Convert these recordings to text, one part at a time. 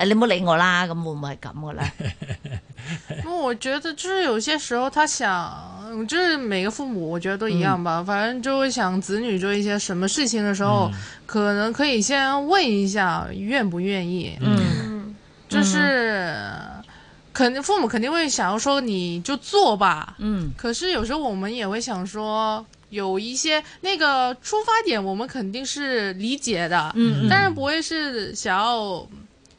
誒，你冇理我啦，咁會唔會係咁嘅咧？我 我覺得，就是有些時候，他想，就是每個父母，我覺得都一樣吧、嗯。反正就會想子女做一些什麼事情的時候，嗯、可能可以先問一下願不願意。嗯。嗯，就是肯定父母肯定會想要說你就做吧。嗯，可是有時候我們也會想說，有一些那個出發點，我們肯定是理解的。嗯嗯，當然不會是想要。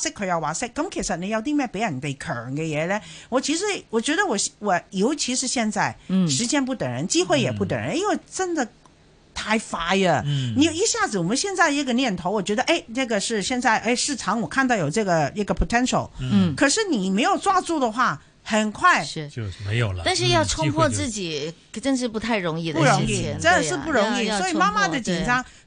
識佢又話，咁其實你有啲咩俾人哋強嘅嘢呢？我其實我覺得我我尤其是現在，時間不等人、嗯，機會也不等人，因為真的太快啊、嗯！你一下子我們現在一個念頭，我覺得誒、哎，這個是現在誒、哎、市場，我看到有這個一個 potential，嗯，可是你沒有抓住的話，很快就沒有了。但是要衝破自己，真是不太容易的、嗯嗯，不容易，真的是不容易、啊要要。所以媽媽的緊張。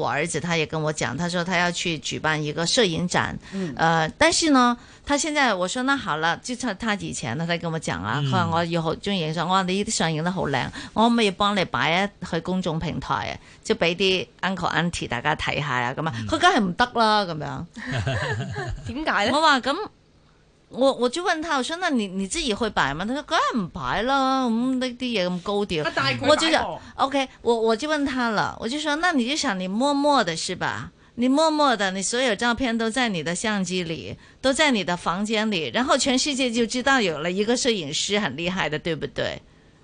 我兒子他也跟我講，他說他要去舉辦一個攝影展、嗯呃，但是呢，他現在我說那好了，就他他以前呢，他跟我講啊，佢、嗯、話我要好中意影相，我話你、啊嗯、 呢啲相影得好靚，我可唔可以幫你擺一去公眾平台啊，即係俾啲 uncle auntie 大家睇下啊咁啊，佢梗係唔得啦咁樣，點解咧？我話咁。我我就問他，我說那你你自己會擺嗎？他說梗係唔擺啦，咁呢啲嘢咁高調、嗯。我就想 ，OK，我我就問他了，我就說，那你就想你默默的，是吧？你默默的，你所有照片都在你的相機裏，都在你的房間裏，然後全世界就知道有了一個攝影師很厲害的，對不對？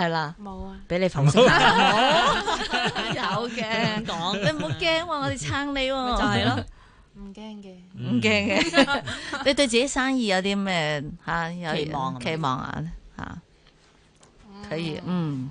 係啦，冇啊，俾你放鬆、啊啊啊。有嘅，講， 你唔好驚喎，我哋撐你喎、啊，就係咯，唔驚嘅，唔驚嘅。 你對自己生意有啲咩吓？有期望期 望啊？吓、嗯，可以，嗯。